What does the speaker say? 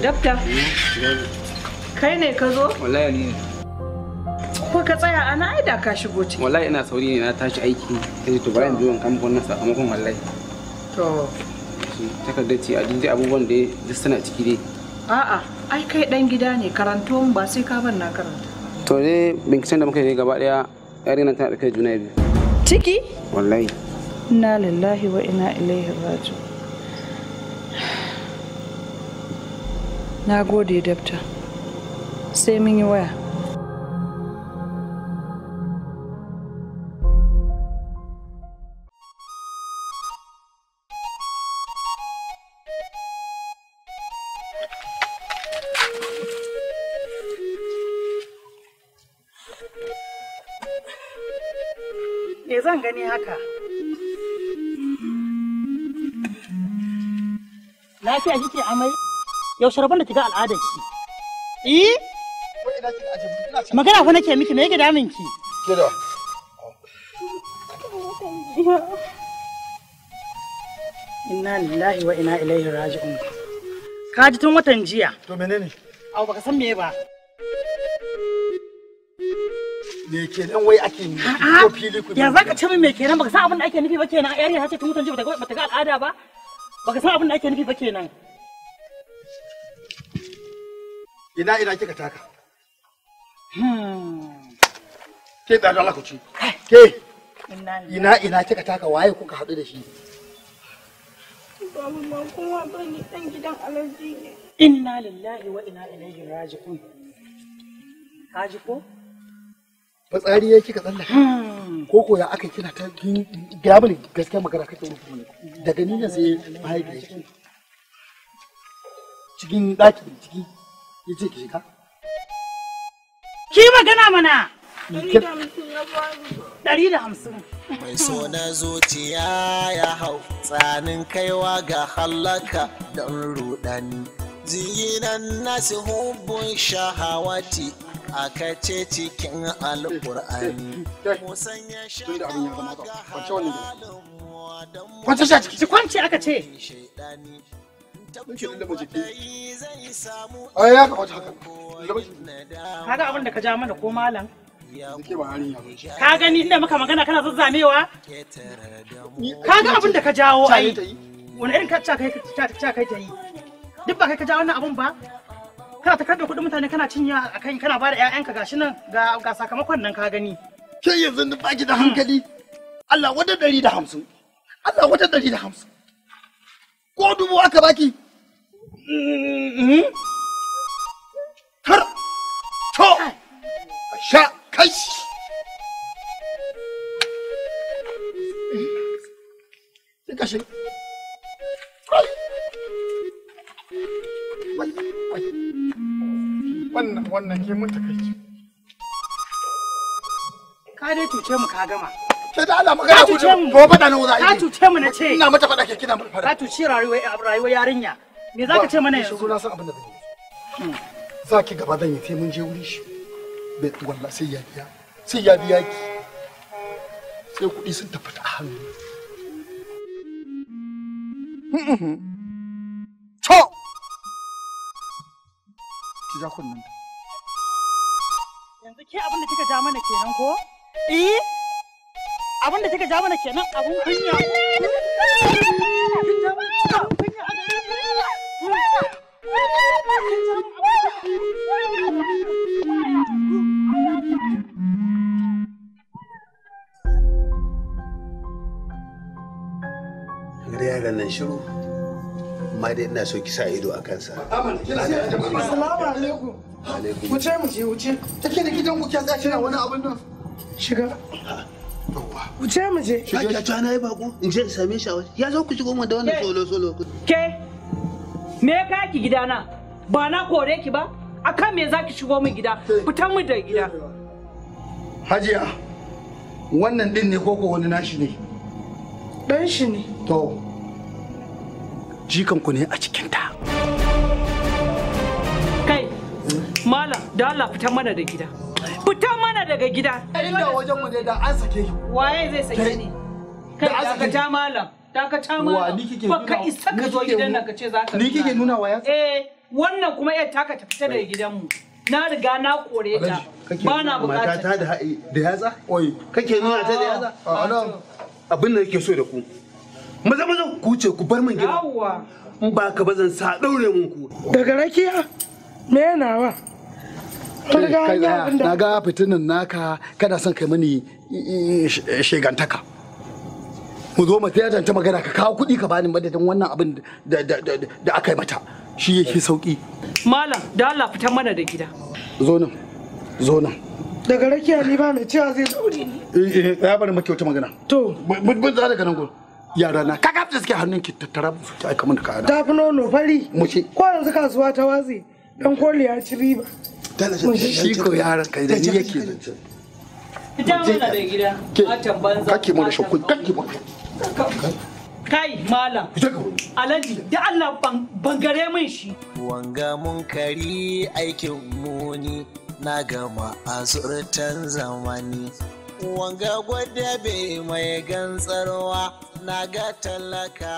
Dabta. Kai ne ka zo? Wallahi ni ne. Ko ka tsaya ana da ka shigo ciki. Wallahi ina sauri ne na tashi aiki. Kaje to bari in zo in kama wannan sakamakon wallahi. To. Takardar ce a duk abubuwan da duk suna ciki dai. A'a, ai kai dan gida ne karanto ba sai ka ban na karanta. To ne binciken da muka yi gaba daya yarinya tana da kai juna biyu. Ciki? Wallahi. Inna lillahi wa inna ilaihi raji'un. Na gode, Dokta. Sai mun yi waya. Me zan Lafiya kike amai? yaushe rabon da ga al'adar ki eh magana fa nake miki me yake damin ki inna lillahi wa inna ilaihi raji'un ka ji tun watan jiya to menene au baka san me ba me kenan wai ake nufi ko fili ku ya zaka ce min me kenan baka san abin da ake nufi ba kenan yarinya ta ce tun watan jiya bata ga al'ada ba baka san abin da ake nufi ba kenan ina ina kika taka hmm. ke da Allah ku ci ke ina ina kika taka waye kuka hadu da shi babu ma kuma bane dan gidan alaji ne inna lillahi wa inna ilaihi raji'un kaji ko fitsari ya kika tsallaka hmm. ko ko ya aka kina ta gaya mini gaskiya magana kake yi daga ni ne sai mahaifiyarki cikin ɗakin ciki yace ki shiga ki magana mana Ɗari da hamsin. Mai so na zuciya ya hau tsanin kaiwa ga hallaka don rudani. Ziyinan nasu hubun shahawati a kace cikin alƙur'ani. Musanya shahawa ga halin Kwanci aka ce. muke lallaba jiki ai eh, ya kamata haka lallaba jiki abin da ka ja mana ko malam ka gani inda muka magana kana zazzamewa ka ga abin da ka jawo ai wani irin ka kai ta kai ta yi duk ba kai ka jawo wannan abin ba kana takar da kuɗin mutane kana cinya a kan kana ba da 'ya'yanka shi nan ga sakamakon nan ka gani ke yanzu ni baki da hankali Allah wata ɗari da hamsin Allah wata ɗari da hamsin ko dubu aka baki Tur, to, a Wannan ke mun takaici. Ka dai cuce mu ka gama. Ke da Allah magana ku. Ka cuce mu. Ka cuce mu na ce. Ina mata faɗa ke kina mun faɗa. Ka cuce rayuwar yarinya. Me za ka ce mana yanzu? Shigo na san abin da zan yi. Hmm. Za ki gaba zan yi sai mun je wuri shi. Bai wallahi sai ya biya. Sai ya biya ki. Sai kuɗi sun tafi a hannu. To! Ki ja kunnen ta. Yanzu ke abin da kika ja mana kenan ko? Eh? Abin da kika ja mana kenan abun kunya. yaran nan shiru amma dai ina so ki sa ido a kansa assalamu alaikum wuce mu je wuce take da gidan ku kyatsa wani abin nan shiga wuce mu je shiga ta na yi bako in je in same shi a waje ya zo ku shigo mu da wannan solo solo ke me ya kaya ki gidana ba na kore ki ba akan me za ki shigo min gida fitan mu da gida hajiya wannan din ne koko wani nashi ne dan shi ne to jikanku ne a cikinta kai malam da Allah fitan mana da gida fitan mana daga gida inda wajen mu ne da an sake ki waye zai sake ni kai da ka ta malam ni kike nuna wa eh wannan kuma yar taka ta fita daga gidanmu na riga na kore ta ba a ah, ah, abin da yake so da ku maza ce ku bar min gida in ba ka sa daure mun daga rakiya me yana wa na ga fitinin naka kada son kai mani eh, eh, shegantaka mu zo mu ta magana ka kawo kuɗi ka bani madadin wannan abin da aka yi mata shi yake sauki malam da Allah fitan mana da gida zo nan zo nan daga rakiya ni ba mai cewa zai daure ni eh eh ya bari wata magana to mun za daga nan gurin yara na kaga da suke hannun ki tattara su ta aika mun da ta tafi no fari mu ce ko yanzu kasuwa ta watsi dan koli ya ci riba shi ko yaran kai da ni yake zance mana da gida, Kake mana kake mana kai malam alaji, da allah bangare min shi wanga mun kari aikin muni na gama asurtan zamani wanga gwada bai mai gantsarwa na ga talaka